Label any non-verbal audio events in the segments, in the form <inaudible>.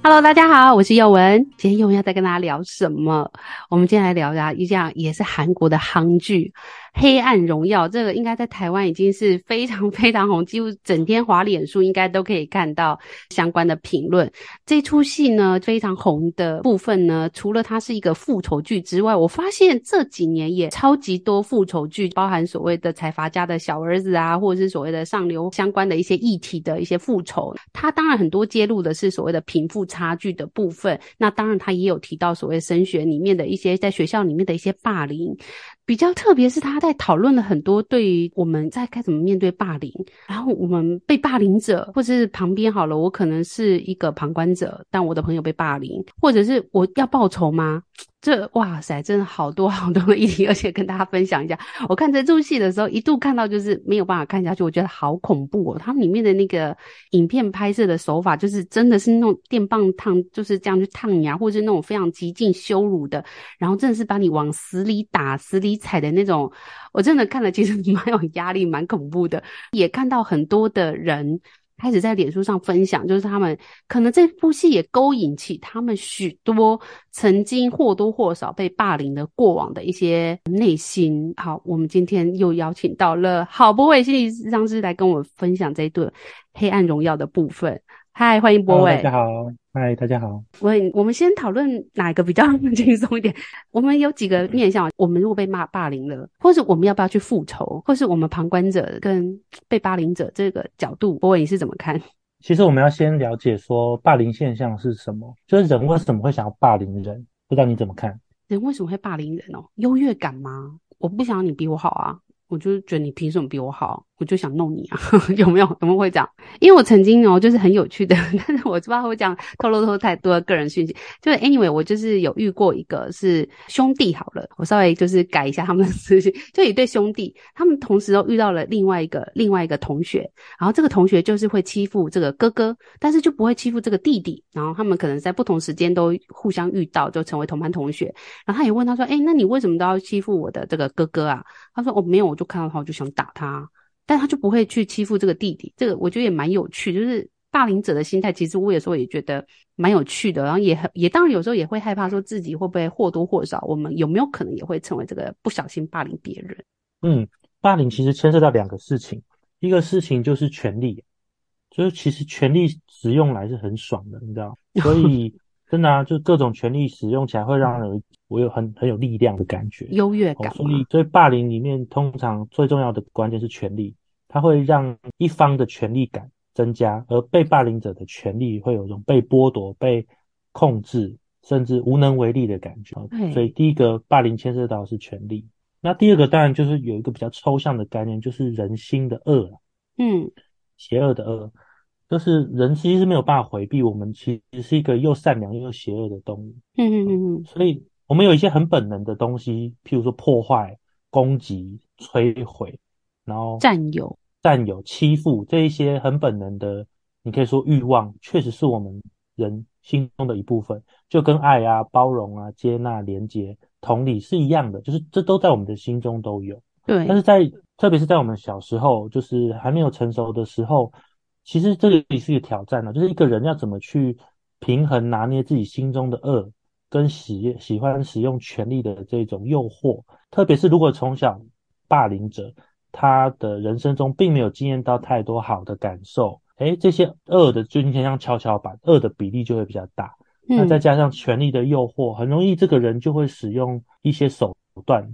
Hello，大家好，我是宥雯。今天宥雯要再跟大家聊什麼？我們今天來聊一下，一樣也是韓國的韓劇。《黑暗榮耀》這個應該在台灣已經是非常非常紅，幾乎整天滑臉書應該都可以看到相關的評論。這出戲呢非常紅的部分呢，除了它是一個復仇劇之外，我發現這幾年也超級多復仇劇，包含所謂的財閥家的小兒子啊，或者是所謂的上流相關的一些議題的一些復仇。它當然很多揭露的是所謂的貧富差距的部分，那當然它也有提到所謂的升學裡面的一些在學校裡面的一些霸凌。比較特別是他在討論了很多對於我們在該怎麼面對霸凌，然後我們被霸凌者或者是旁邊好了，我可能是一個旁觀者，但我的朋友被霸凌，或者是我要報仇嗎？這哇塞，真的好多好多的議題，而且跟大家分享一下。我看這出戲的時候，一度看到就是沒有辦法看下去，我覺得好恐怖哦。它裡面的那個影片拍攝的手法，就是真的是那種電棒燙，就是這樣去燙牙，或者是那種非常極盡羞辱的，然後真的是把你往死裡打、死裡踩的那種。我真的看了，其實蠻有壓力、蠻恐怖的。也看到很多的人。開始在臉書上分享，就是他們可能這部戲也勾引起他們許多曾經或多或少被霸凌的過往的一些內心。好，我們今天又邀請到了郝柏瑋心理諮商師張師來跟我們分享這一段黑暗榮耀的部分。嗨，Hi, 歡迎柏瑋，oh, 大家好。嗨，大家好。我我們先討論哪個比較輕鬆一點？嗯、我們有幾個面向，我們如果被罵霸凌了，或是我們要不要去復仇，或是我們旁觀者跟被霸凌者這個角度，柏瑋你是怎麼看？其實我們要先了解說霸凌現象是什麼，就是人為什麼會想要霸凌人？不知道你怎麼看？人為什麼會霸凌人哦？優越感嗎？我不想要你比我好啊，我就覺得你憑什麼比我好？我就想弄你啊， <laughs> 有沒有？怎麼會這樣？因為我曾經哦，就是很有趣的，但是我知道會講透露出太多個人訊息。就 anyway，我就是有遇過一個，是兄弟好了，我稍微就是改一下他們的事情，就一對兄弟，他們同時都遇到了另外一個另外一個同學，然後這個同學就是會欺負這個哥哥，但是就不會欺負這個弟弟。然後他們可能在不同時間都互相遇到，就成為同班同學。然後他也問他說：“哎、欸，那你為什麼都要欺負我的這個哥哥啊？”他說：“哦，沒有，我就看到他，我就想打他。”但他就不會去欺負這個弟弟，這個我覺得也蠻有趣，就是霸凌者的心態，其實我有時候也覺得蠻有趣的，然後也很也當然有時候也會害怕，說自己會不會或多或少，我們有沒有可能也會成為這個不小心霸凌別人？嗯，霸凌其實牽涉到兩個事情，一個事情就是權力，就是其實權力使用來是很爽的，你知道，所以 <laughs> 真的啊，就各種權力使用起來會讓人。我有很很有力量的感覺，優越感。所以，嗯，所以霸凌裡面通常最重要的關鍵是權力，它會讓一方的權力感增加，而被霸凌者的權力會有一種被剝奪、被控制，甚至無能為力的感覺。嗯、嘿所以，第一個霸凌牽涉到的是權力。那第二個當然就是有一個比較抽象的概念，就是人心的惡，啊、嗯，邪惡的惡，就是人其實是沒有辦法回避，我們其實是一個又善良又邪惡的動物。嗯嗯、嗯嗯，所以。我們有一些很本能的東西，譬如說破壞、攻擊、摧毀，然後占有、占有友、欺負這一些很本能的，你可以說欲望，確實是我們人心中的一部分，就跟愛啊、包容啊、接納、連結，同理是一樣的，就是這都在我們的心中都有。對，但是在特別是在我們小時候，就是還沒有成熟的時候，其實這也是一個挑戰啊，就是一個人要怎麼去平衡拿捏自己心中的惡。跟喜喜歡使用權力的這種誘惑，特別是如果從小霸凌者，他的人生中並沒有經驗到太多好的感受，誒，這些惡的就應該像蹺蹺板，惡的比例就會比較大。那再加上權力的誘惑，嗯、很容易這個人就會使用一些手段，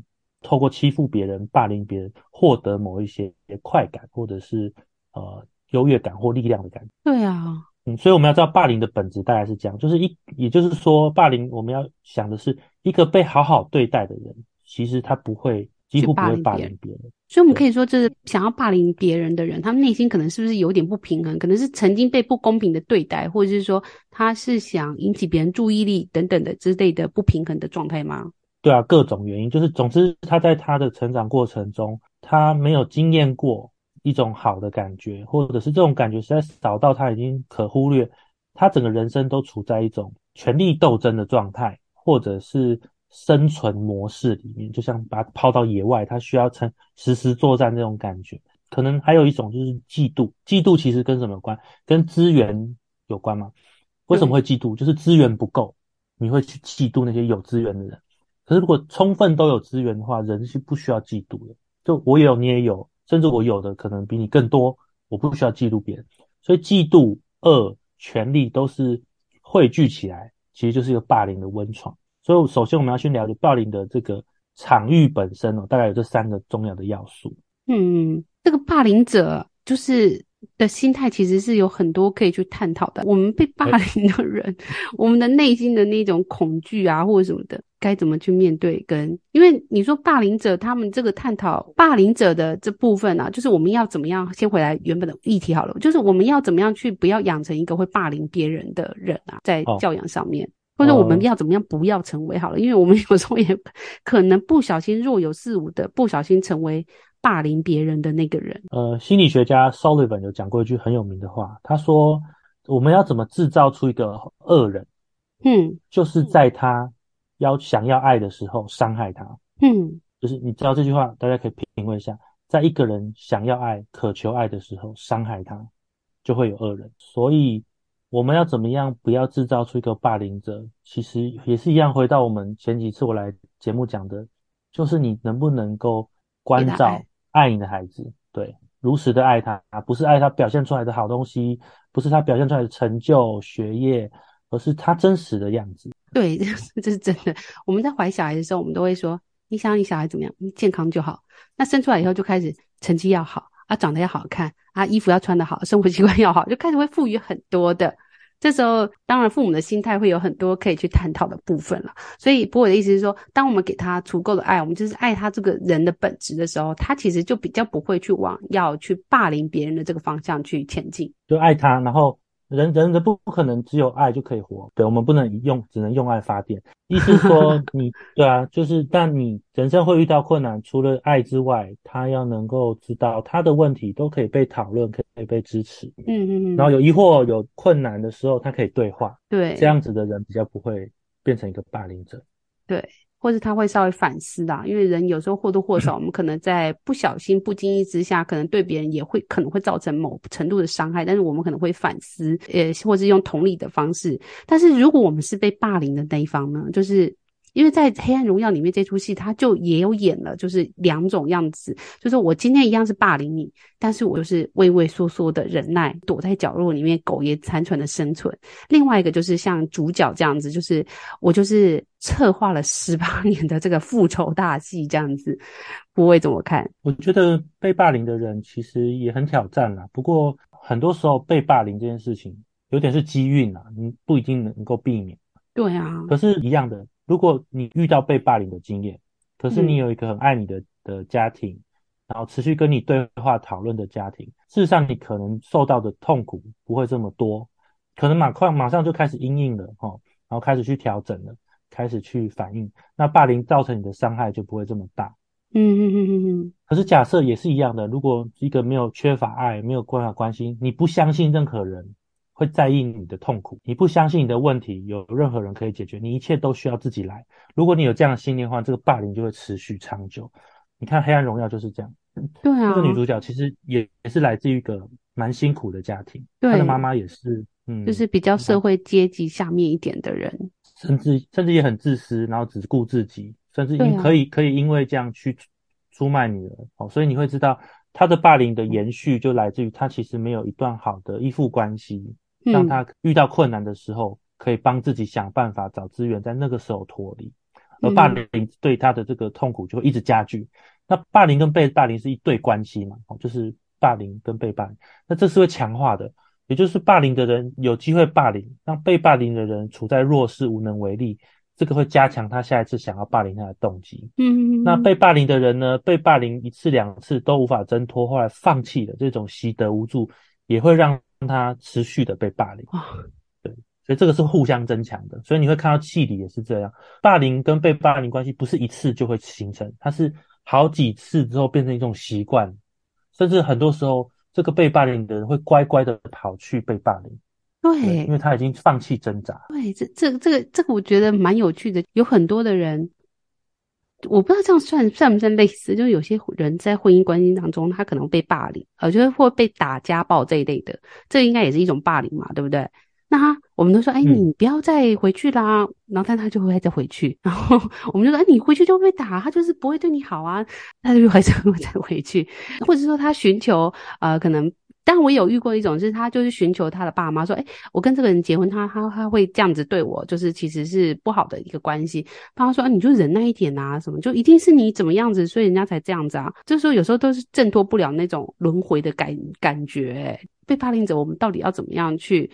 透過欺負別人、霸凌別人，獲得某一些快感，或者是呃優越感或力量的感覺。對啊。嗯，所以我們要知道霸凌的本質大概是這樣，就是一，也就是說，霸凌我們要想的是一個被好好對待的人，其實他不會，幾乎不會霸凌別人。所以，我們可以說，就是想要霸凌別人的人，他們內心可能是不是有點不平衡？可能是曾經被不公平的對待，或者是說他是想引起別人注意力等等的之類的不平衡的狀態嗎？對啊，各種原因，就是總之他在他的成長過程中，他沒有經驗過。一種好的感覺，或者是這種感覺實在少到他已經可忽略，他整個人生都處在一種權力鬥爭的狀態，或者是生存模式裡面。就像把他拋到野外，他需要成實時作戰那種感覺。可能還有一種就是嫉妒，嫉妒其實跟什麼有關？跟資源有關嗎？為什麼會嫉妒？就是資源不夠，你會去嫉妒那些有資源的人。可是如果充分都有資源的話，人是不需要嫉妒的。就我有，你也有。甚至我有的可能比你更多，我不需要嫉妒別人，所以嫉妒、惡、權力都是匯聚起來，其實就是一個霸凌的溫床。所以首先我們要去了解霸凌的這個場域本身哦、喔，大概有這三個重要的要素。嗯，這個霸凌者就是的心態，其實是有很多可以去探討的。我們被霸凌的人，欸、我們的內心的那種恐懼啊，或者什麼的。該怎麼去面對跟、跟，因為你說霸凌者，他們這個探討霸凌者的這部分啊，就是我們要怎麼樣先回來原本的議題好了。就是我們要怎麼樣去不要養成一個會霸凌別人的人啊，在教養上面，哦、或者我們要怎麼樣不要成為好了？嗯、因為我們有時候也可能不小心若有似無的不小心成為霸凌別人的那個人。呃，心理學家 Sullivan 有講過一句很有名的話，他說：“我們要怎麼制造出一個惡人？”嗯，就是在他、嗯。要想要愛的時候傷害他，嗯，就是你知道這句話，大家可以品味一下。在一個人想要愛、渴求愛的時候傷害他，就會有惡人。所以我們要怎麼樣，不要制造出一個霸凌者？其實也是一樣，回到我們前幾次我來節目講的，就是你能不能夠關照、愛你的孩子？對，如實的愛他啊，不是愛他表現出來的好東西，不是他表現出來的成就、學業，而是他真實的樣子。對，這是真的。我們在懷小孩的時候，我們都會說，你想你小孩怎麼樣？健康就好。那生出來以後，就開始成績要好啊，長得要好看啊，衣服要穿得好，生活習慣要好，就開始會賦予很多的。這時候，當然父母的心態會有很多可以去探討的部分了。所以，柏瑋的意思是說，當我們給他足夠的愛，我們就是愛他這個人的本質的時候，他其實就比較不會去往要去霸凌別人的這個方向去前進。就愛他，然後。人人人不可能只有愛就可以活，對，我們不能用，只能用愛發電。意思說你，你 <laughs> 對啊，就是，但你人生會遇到困難，除了愛之外，他要能夠知道他的問題都可以被討論，可以被支持。嗯嗯嗯。然後有疑惑、有困難的時候，他可以對話。對，這樣子的人比較不會變成一個霸凌者。對，或是他會稍微反思啦，因為人有時候或多或少， <laughs> 我們可能在不小心、不經意之下，可能對別人也會可能會造成某程度的傷害，但是我們可能會反思，呃，或是用同理的方式。但是如果我們是被霸凌的那一方呢，就是。因為在《黑暗榮耀》裡面這，這出戲他就也有演了，就是兩種樣子，就是說我今天一樣是霸凌你，但是我就是畏畏縮縮的忍耐，躲在角落裡面苟延殘喘的生存。另外一個就是像主角這樣子，就是我就是策劃了十八年的這個復仇大戲這樣子，你會怎麼看？我覺得被霸凌的人其實也很挑戰啦，不過很多時候被霸凌這件事情有點是機運啊，你不一定能夠避免。對啊，可是一樣的。如果你遇到被霸凌的經驗，可是你有一個很愛你的，嗯、的家庭，然後持續跟你對話討論的家庭，事實上你可能受到的痛苦不會這麼多，可能馬快馬上就開始陰應了哈，然後開始去調整了，開始去反應，那霸凌造成你的傷害就不會這麼大。嗯嗯嗯嗯嗯。嗯嗯，可是假設也是一樣的，如果一個沒有缺乏愛、沒有關愛關心，你不相信任何人。會在意你的痛苦，你不相信你的問題有任何人可以解決，你一切都需要自己來。如果你有這樣的信念的話，這個霸凌就會持續長久。你看《黑暗榮耀》就是這樣，對啊，這個女主角其實也是來自於一個蠻辛苦的家庭，對她的媽媽也是，嗯，就是比較社會階級下面一點的人，嗯、甚至甚至也很自私，然後只顧自己，甚至可以、啊、可以因為這樣去出賣女兒。哦，所以你會知道她的霸凌的延續就來自於她其實沒有一段好的依附關係。讓他遇到困難的時候，可以幫自己想辦法找資源，在那個時候脫離。而霸凌對他的這個痛苦就會一直加劇。那霸凌跟被霸凌是一對關係嘛，就是霸凌跟被霸凌，那這是會強化的。也就是霸凌的人有機會霸凌，讓被霸凌的人處在弱勢、無能為力，這個會加強他下一次想要霸凌他的動機。嗯，那被霸凌的人呢？被霸凌一次兩次都無法掙脫，後來放棄了這種習得無助，也會讓。讓他持續的被霸凌，對，所以這個是互相增強的，所以你會看到戲裡也是這樣，霸凌跟被霸凌關係不是一次就會形成，它是好幾次之後變成一種習慣，甚至很多時候這個被霸凌的人會乖乖的跑去被霸凌，對，對，對，因為他已經放棄掙扎，對，這這這個這個我覺得蠻有趣的，有很多的人。我不知道這樣算算不算類似，就是有些人在婚姻關係當中，他可能被霸凌，呃、就是或被打家暴這一類的，這個、應該也是一種霸凌嘛，對不對？那他我們都說，哎、欸，嗯、你不要再回去啦，然後但他就會再回去，然後我們就說，哎、欸，你回去就被打，他就是不會對你好啊，他就還是會再回去，或者說他尋求呃可能。但我有遇過一種，是他就是尋求他的爸媽說，誒，我跟這個人結婚他，他他他會這樣子對我，就是其實是不好的一個關係。他說，啊，你就忍耐一點啊，什麼就一定是你怎麼樣子，所以人家才這樣子啊。就是說有時候都是掙脫不了那種輪迴的感感覺。被霸凌者，我們到底要怎麼樣去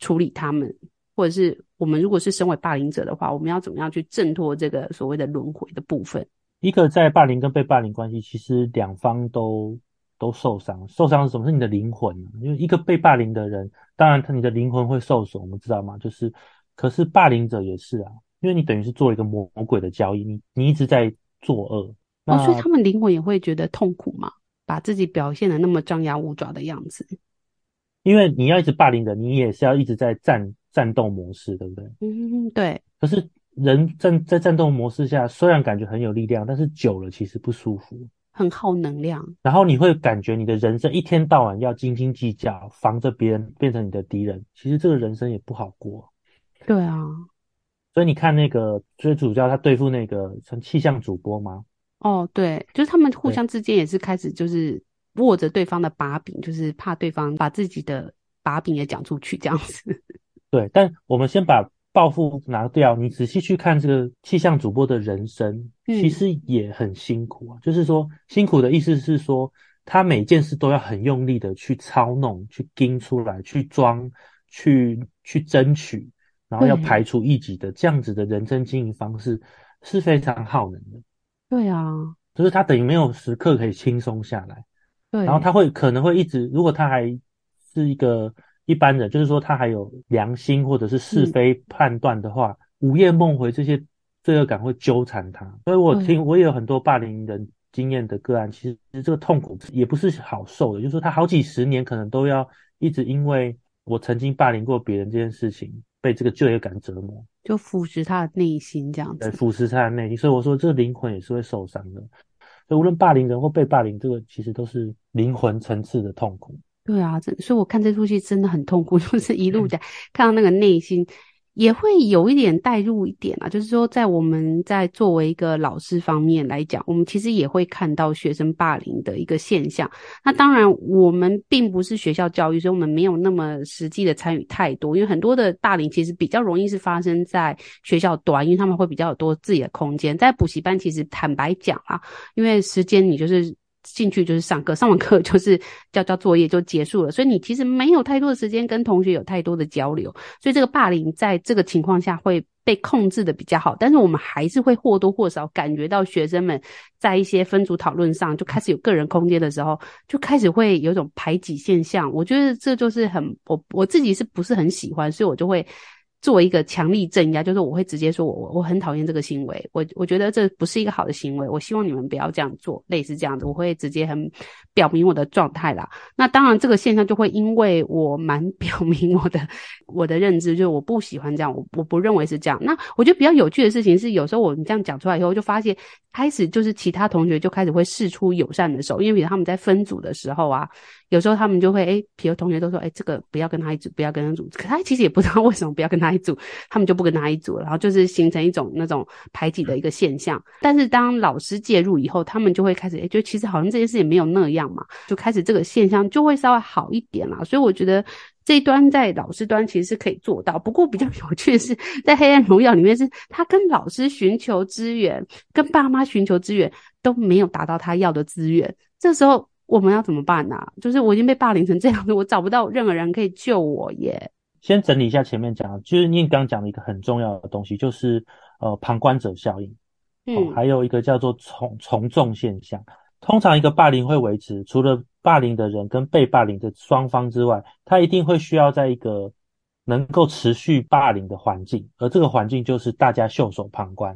處理他們，或者是我們如果是身為霸凌者的話，我們要怎麼樣去掙脫這個所謂的輪迴的部分？一個在霸凌跟被霸凌關係，其實兩方都，都受傷，受傷是什麼？是你的靈魂。因為一個被霸凌的人，當然他你的靈魂會受損，我們知道嗎？就是，可是霸凌者也是啊，因為你等於是做一個魔鬼的交易，你你一直在作惡，那哦，所以他們靈魂也會覺得痛苦嘛，把自己表現得那麼張牙舞爪的樣子，因為你要一直霸凌著，你也是要一直在戰戰鬥模式，對不對？嗯，對。可是人站在，在戰鬥模式下，雖然感覺很有力量，但是久了其實不舒服。很耗能量，然後你會感覺你的人生一天到晚要斤斤計較，防着別人變成你的敵人，其實這個人生也不好過。對啊，所以你看那個所以、就是、主教他對付那個成氣象主播嗎？哦，對，就是他們互相之間也是開始就是握着對方的把柄，對就是怕對方把自己的把柄也講出去這樣子。對，但我們先把。報復拿掉，你仔細去看這個氣象主播的人生，嗯、其實也很辛苦啊。就是說，辛苦的意思是說，他每件事都要很用力的去操弄、去盯出來、去裝、去去爭取，然後要排除異己的對這樣子的人生經營方式，是非常耗能的。對啊，就是他等於沒有時刻可以輕鬆下來。對，然後他會可能會一直，如果他還是一個。一般人就是說，他還有良心或者是是非判斷的話，嗯、午夜夢回這些罪惡感會糾纏他。所以我聽、嗯、我也有很多霸凌人經驗的個案，其實這個痛苦也不是好受的，就是說他好幾十年可能都要一直因為我曾經霸凌過別人這件事情，被這個罪惡感折磨，就腐蝕他的內心這樣子，對，腐蝕他的內心。所以我說，這個靈魂也是會受傷的。所以無論霸凌人或被霸凌，這個其實都是靈魂層次的痛苦。對啊，真所以，我看這出戲真的很痛苦，就是一路的看到那個內心， <laughs> 也會有一點代入一點啊。就是說，在我們在作為一個老師方面來講，我們其實也會看到學生霸凌的一個現象。那當然，我們並不是學校教育，所以我們沒有那麼實際的參與太多，因為很多的霸凌其實比較容易是發生在學校端，因為他們會比較有多自己的空間。在補習班，其實坦白講啊，因為時間你就是。進去就是上課，上完課就是交交作業就結束了，所以你其實沒有太多的時間跟同學有太多的交流，所以這個霸凌在這個情況下會被控制得比較好。但是我們還是會或多或少感覺到學生們在一些分組討論上就開始有個人空間的時候，就開始會有一種排擠現象。我覺得這就是很，我我自己是不是很喜歡，所以我就會。作為一個強力鎮壓，就是我會直接說我，我我很討厭這個行為，我我覺得這不是一個好的行為，我希望你們不要這樣做，類似這樣子，我會直接很表明我的狀態啦。那當然，這個現象就會因為我蠻表明我的我的認知，就是我不喜歡這樣，我我不認為是這樣。那我覺得比較有趣的事情是，有時候我們這樣講出來以後，就發現。開始就是其他同學就開始會釋出友善的時候，因為比如他們在分組的時候啊，有時候他們就會誒、哎、比如同學都說誒、哎、這個不要跟他一組，不要跟他一組，可他其實也不知道為什麼不要跟他一組，他們就不跟他一組了，然後就是形成一種那種排擠的一個現象。但是當老師介入以後，他們就會開始哎，就其實好像這件事也沒有那樣嘛，就開始這個現象就會稍微好一點啦。所以我覺得。這一端在老師端其實是可以做到，不過比較有趣的是，在《黑暗榮耀》裡面是他跟老師尋求資源，跟爸媽尋求資源都沒有達到他要的資源，這時候我們要怎麼辦呢、啊？就是我已經被霸凌成這樣子，我找不到任何人可以救我耶。先整理一下前面講的，就是你剛講的一個很重要的東西，就是呃旁觀者效應，嗯、哦，還有一個叫做從從眾現象。通常一個霸凌會維持，除了霸凌的人跟被霸凌的雙方之外，他一定會需要在一個能夠持續霸凌的環境，而這個環境就是大家袖手旁觀，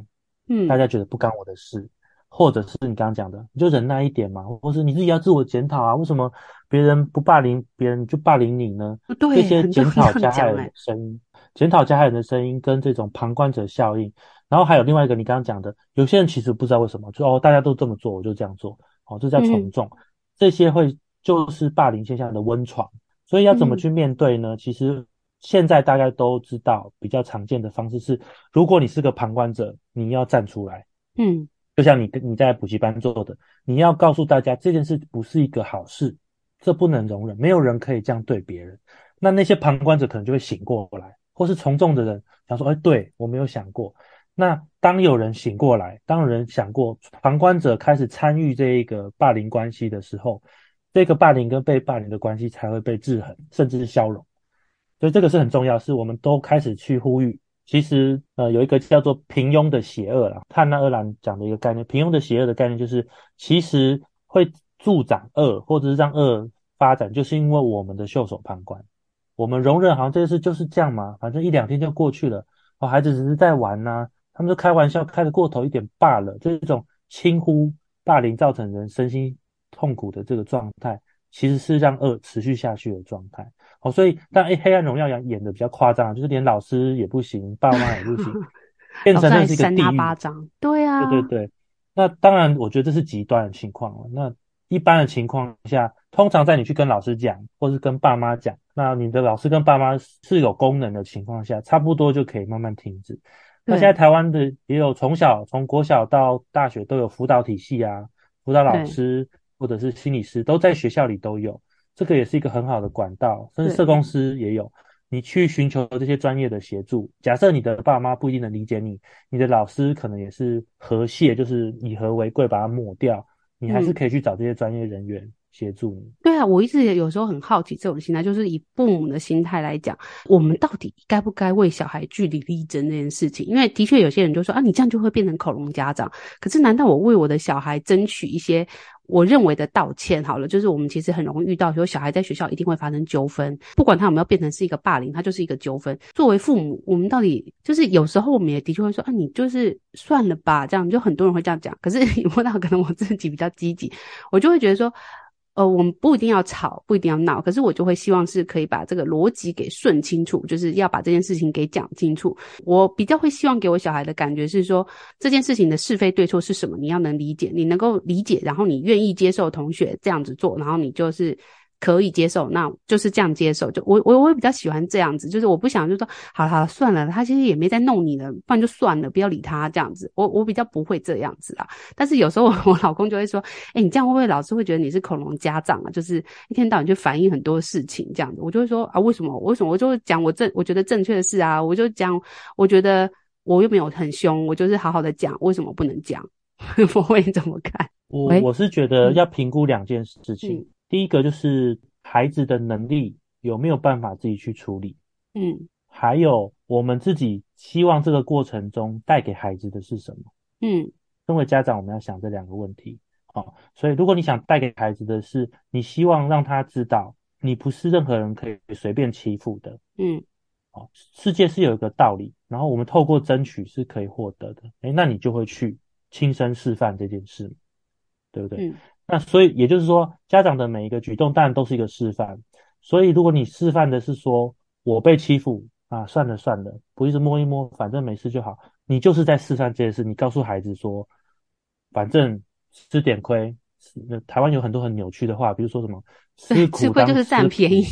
嗯，大家覺得不干我的事，或者是你剛剛講的，你就忍耐一點嘛，或是你自己要自我檢討啊，為什麼別人不霸凌，別人就霸凌你呢？對這些檢討，檢討加害人的聲音，嗯、檢討加害人的聲音跟這種旁觀者效應，嗯、然後還有另外一個你剛剛講的，有些人其實不知道為什麼，就哦大家都這麼做，我就這樣做，哦，這叫從眾。嗯這些會就是霸凌現象的溫床，所以要怎麼去面對呢？嗯、其實現在大家都知道，比較常見的方式是，如果你是個旁觀者，你要站出來，嗯，就像你你在補習班做的，你要告訴大家這件事不是一個好事，這不能容忍，沒有人可以這樣對別人。那那些旁觀者可能就會醒過來，或是從眾的人想說，哎，對，我沒有想過。那當有人醒過來，當有人想過，旁觀者開始參與這一個霸凌關係的時候，這個霸凌跟被霸凌的關係才會被制衡，甚至是消融。所以這個是很重要，是我們都開始去呼籲。其實，呃，有一個叫做平庸的邪惡啦，漢娜鄂蘭講的一個概念，平庸的邪惡的概念就是，其實會助長惡，或者是讓惡發展，就是因為我們的袖手旁觀，我們容忍，好像這件事就是這樣嘛，反正一兩天就過去了，我、哦、孩子只是在玩吶、啊。他們就開玩笑開得過頭一點罷了，這種輕忽、霸凌造成人身心痛苦的這個狀態，其實是讓惡持續下去的狀態。哦，所以但、欸《黑暗榮耀》演演的比較誇張，就是連老師也不行，爸媽也不行， <laughs> 變成那是一個地獄。對啊，對對對。那當然，我覺得這是極端的情況了、哦。那一般的情況下，通常在你去跟老師講，或是跟爸媽講，那你的老師跟爸媽是有功能的情況下，差不多就可以慢慢停止。那現在台灣的也有從小從國小到大學都有輔導體系啊，輔導老師或者是心理師都在學校裡都有，這個也是一個很好的管道，甚至社工師也有，你去尋求這些專業的協助。假設你的爸媽不一定能理解你，你的老師可能也是和諧，就是以和為貴，把它抹掉，你還是可以去找這些專業人員。嗯協助對啊，我一直也有時候很好奇這種心態，就是以父母的心態來講，我們到底該不該為小孩據理力爭那件事情？因為的確有些人就說啊，你這樣就會變成恐龍家長。可是難道我為我的小孩爭取一些我認為的道歉好了？就是我們其實很容易遇到，說小孩在學校一定會發生糾紛，不管他有沒有變成是一個霸凌，他就是一個糾紛。作為父母，嗯、我們到底就是有時候我們也的確會說啊，你就是算了吧，這樣就很多人會這樣講。可是說到可能我自己比較積極，我就會覺得說。呃、哦，我們不一定要吵，不一定要鬧，可是我就會希望是可以把這個邏輯給順清楚，就是要把這件事情給講清楚。我比較會希望給我小孩的感覺是說，這件事情的是非對錯是什麼，你要能理解，你能夠理解，然後你願意接受同學這樣子做，然後你就是。可以接受，那就是這樣接受。就我，我我會比較喜歡這樣子，就是我不想，就說好好算了，他其實也沒在弄你了，不然就算了，不要理他這樣子。我我比較不會這樣子啊，但是有時候我，我老公就會說，哎、欸，你這樣會不會老是會覺得你是恐龍家長啊？就是一天到晚就反映很多事情這樣子。我就會說啊，為什麼？為什麼？我就會講我正，我覺得正確的事啊，我就講，我覺得我又沒有很凶，我就是好好的講，為什麼不能講？ <laughs> 我會怎麼看？我、欸、我是覺得要評估兩件事情、嗯。嗯第一個就是孩子的能力有沒有辦法自己去處理，嗯，還有我們自己希望這個過程中帶給孩子的是什麼，嗯，身為家長，我們要想這兩個問題，啊、哦，所以如果你想帶給孩子的是你希望讓他知道你不是任何人可以隨便欺負的，嗯、哦，世界是有一個道理，然後我們透過爭取是可以獲得的、欸，那你就會去親身示範這件事，對不對？嗯那所以也就是說，家長的每一個舉動當然都是一個示範。所以如果你示範的是說我被欺負啊，算了算了，不一直摸一摸，反正沒事就好，你就是在示範這件事。你告訴孩子說，反正吃點虧，台灣有很多很扭曲的話，比如說什麼吃虧就是佔便宜，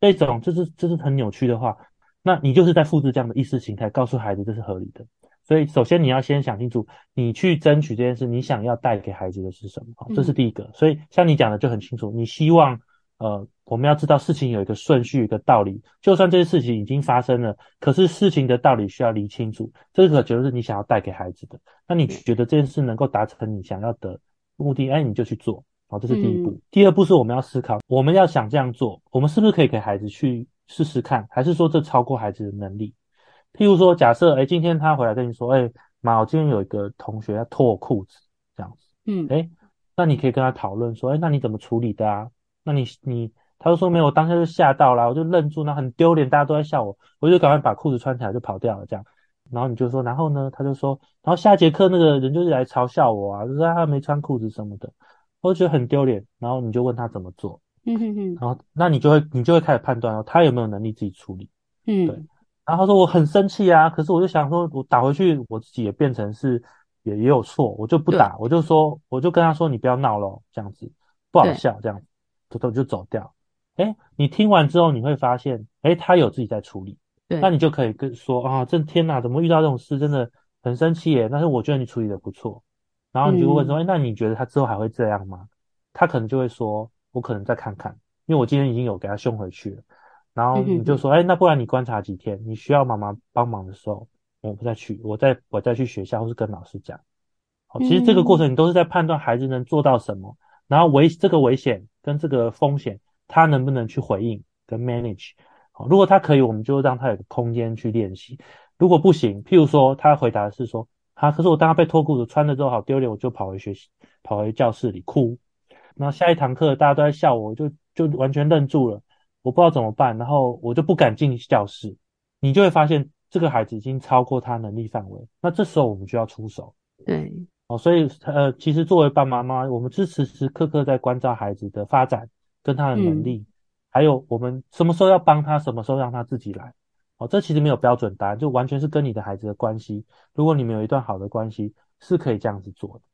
那種這、就是這、就是很扭曲的話。那你就是在複製這樣的意識形態，告訴孩子這是合理的。所以，首先你要先想清楚，你去爭取這件事，你想要帶給孩子的是什麼？哦，這是第一個。所以，像你講的就很清楚，你希望，呃，我們要知道事情有一個順序，一個道理。就算這些事情已經發生了，可是事情的道理需要理清清楚。這個就是你想要帶給孩子的。那你覺得這件事能夠達成你想要的目的？哎，你就去做。好，這是第一步。第二步是我們要思考，我們要想這樣做，我們是不是可以給孩子去試試看？還是說這超過孩子的能力？譬如說假設，假設誒今天他回來跟你說，哎、欸、媽，我今天有一個同學要脫我褲子這樣子，嗯、欸，誒那你可以跟他討論說，哎、欸，那你怎麼處理的啊？那你你，他就說沒有，我當下就嚇到啦。」我就愣住，那很丟臉，大家都在笑我，我就趕快把褲子穿起來就跑掉了這樣。然後你就說，然後呢？他就說，然後下節課那個人就是來嘲笑我啊，就是他沒穿褲子什麼的，我就覺得很丟臉。然後你就問他怎麼做，嗯嗯嗯，然後那你就會你就會開始判斷哦，他有沒有能力自己處理，嗯，對。然後他說我很生氣啊，可是我就想說，我打回去我自己也變成是也也有錯，我就不打，對我就說我就跟他說你不要鬧了，這樣子不好笑這樣子，對就就就走掉。哎，你聽完之後你會發現，哎，他有自己在處理，對那你就可以跟說啊，這天哪，怎麼遇到這種事，真的很生氣耶。但是我覺得你處理的不錯，然後你就問說，哎、嗯，那你覺得他之後還會這樣嗎？他可能就會說我可能再看看，因為我今天已經有給他凶回去了。然後你就說，哎，那不然你觀察幾天？你需要媽媽幫忙的時候，我不再去，我再我再去學校，或是跟老師講。好，其實這個過程你都是在判斷孩子能做到什麼，然後危這個危險跟這個風險，他能不能去回應跟 manage？好，如果他可以，我們就讓他有個空間去練習；如果不行，譬如說他回答的是說，他、啊、可是我當他被脫褲子穿了之後，好丟臉，我就跑回學習，跑回教室裡哭。然後下一堂課大家都在笑我就，就就完全愣住了。我不知道怎麼辦，然後我就不敢進教室。你就會發現這個孩子已經超過他能力範圍，那這時候我們就要出手。對，哦，所以呃，其實作為爸爸媽媽，我們是時時刻刻在關照孩子的發展跟他的能力，嗯、還有我們什麼時候要幫他，什麼時候讓他自己來。哦，這其實沒有標準答案，就完全是跟你的孩子的關係。如果你們有一段好的關係，是可以這樣子做的。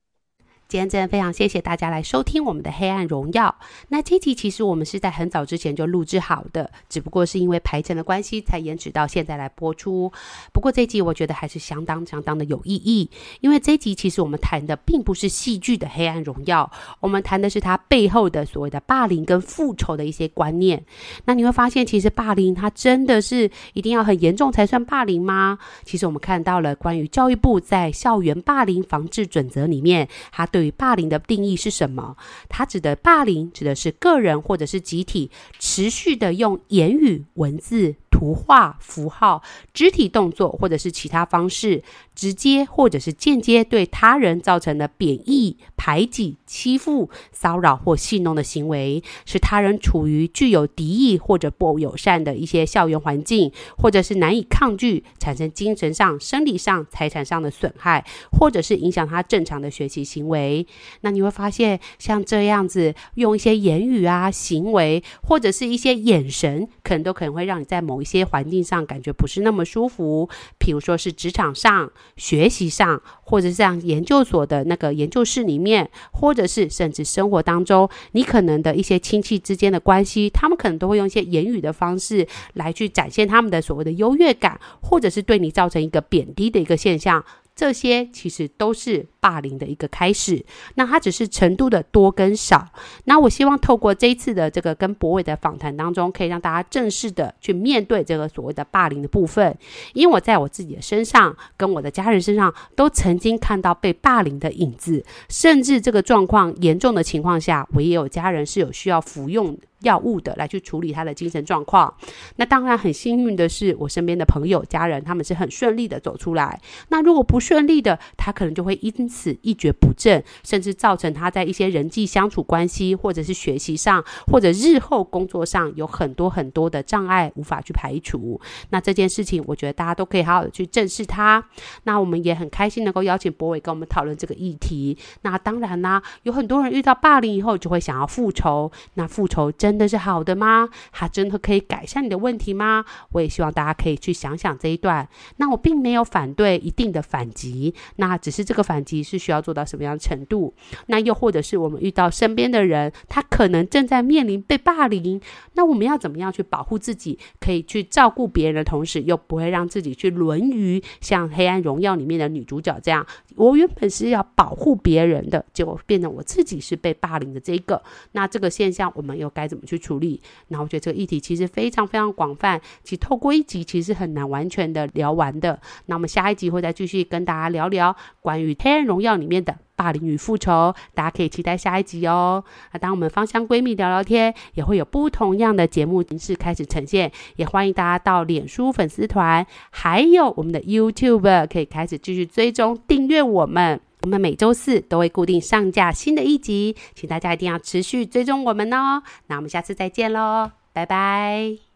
今天真的非常謝謝大家來收聽我們的《黑暗榮耀》。那這集其實我們是在很早之前就錄制好的，只不過是因為排程的關係才延遲到現在來播出。不過這集我覺得還是相當相當的有意義，因為這集其實我們談的並不是戲劇的《黑暗榮耀》，我們談的是它背後的所謂的霸凌跟復仇的一些觀念。那你會發現，其實霸凌它真的是一定要很嚴重才算霸凌嗎？其實我們看到了關於教育部在《校園霸凌防治準則》裡面，它對對於霸凌的定義是什麼？它指的霸凌指的是個人或者是集體持續的用言語、文字、圖畫、符號、肢體動作或者是其他方式，直接或者是間接對他人造成的貶義、排擠、欺負、騷擾或戲弄的行為，使他人處於具有敵意或者不友善的一些校園環境，或者是難以抗拒，產生精神上、生理上、財產上的損害，或者是影響他正常的學習行為。誒，那你會發現，像這樣子，用一些言語啊、行為或者是一些眼神，可能都可能會讓你在某一些環境上感覺不是那麼舒服。譬如說是職場上、學習上，或者是像研究所的那個研究室裡面，或者是甚至生活當中，你可能的一些親戚之間的關係，他們可能都會用一些言語的方式來去展現他們的所謂的優越感，或者是對你造成一個貶低的一個現象。這些其實都是。霸凌的一個開始，那它只是程度的多跟少。那我希望透過這一次的這個跟柏瑋的訪談當中，可以讓大家正式的去面對這個所謂的霸凌的部分。因為我在我自己的身上，跟我的家人身上，都曾經看到被霸凌的影子。甚至這個狀況嚴重的情況下，我也有家人是有需要服用藥物的來去處理他的精神狀況。那當然很幸運的是，我身邊的朋友、家人他們是很順利的走出來。那如果不順利的，他可能就會因因此一蹶不振，甚至造成他在一些人際相處關係，或者是學習上，或者日後工作上，有很多很多的障礙無法去排除。那這件事情，我覺得大家都可以好好的去正視它。那我們也很開心能夠邀請柏瑋跟我們討論這個議題。那當然呢、啊，有很多人遇到霸凌以後就會想要復仇。那復仇真的是好的嗎？他真的可以改善你的問題嗎？我也希望大家可以去想想這一段。那我並沒有反對一定的反擊，那只是這個反擊。是需要做到什麼樣的程度？那又或者是我們遇到身邊的人，他可能正在面臨被霸凌，那我們要怎麼樣去保護自己？可以去照顧別人的同時，又不會讓自己去淪於像《黑暗榮耀》裡面的女主角這樣。我原本是要保護別人的，結果變成我自己是被霸凌的這一個。那這個現象我們又該怎麼去處理？那我覺得這個議題其實非常非常廣泛，其實透過一集其實很難完全的聊完的。那我們下一集會再繼續跟大家聊聊關於黑暗榮耀裡面的霸凌與復仇，大家可以期待下一集哦。那、啊、當我們芳香閨蜜聊聊天，也會有不同樣的節目形式開始呈現，也歡迎大家到臉書粉絲團，還有我們的 YouTube 可以開始繼續追蹤訂閱我們。我們每周四都會固定上架新的一集，請大家一定要持續追蹤我們哦。那我們下次再見嘍，拜拜。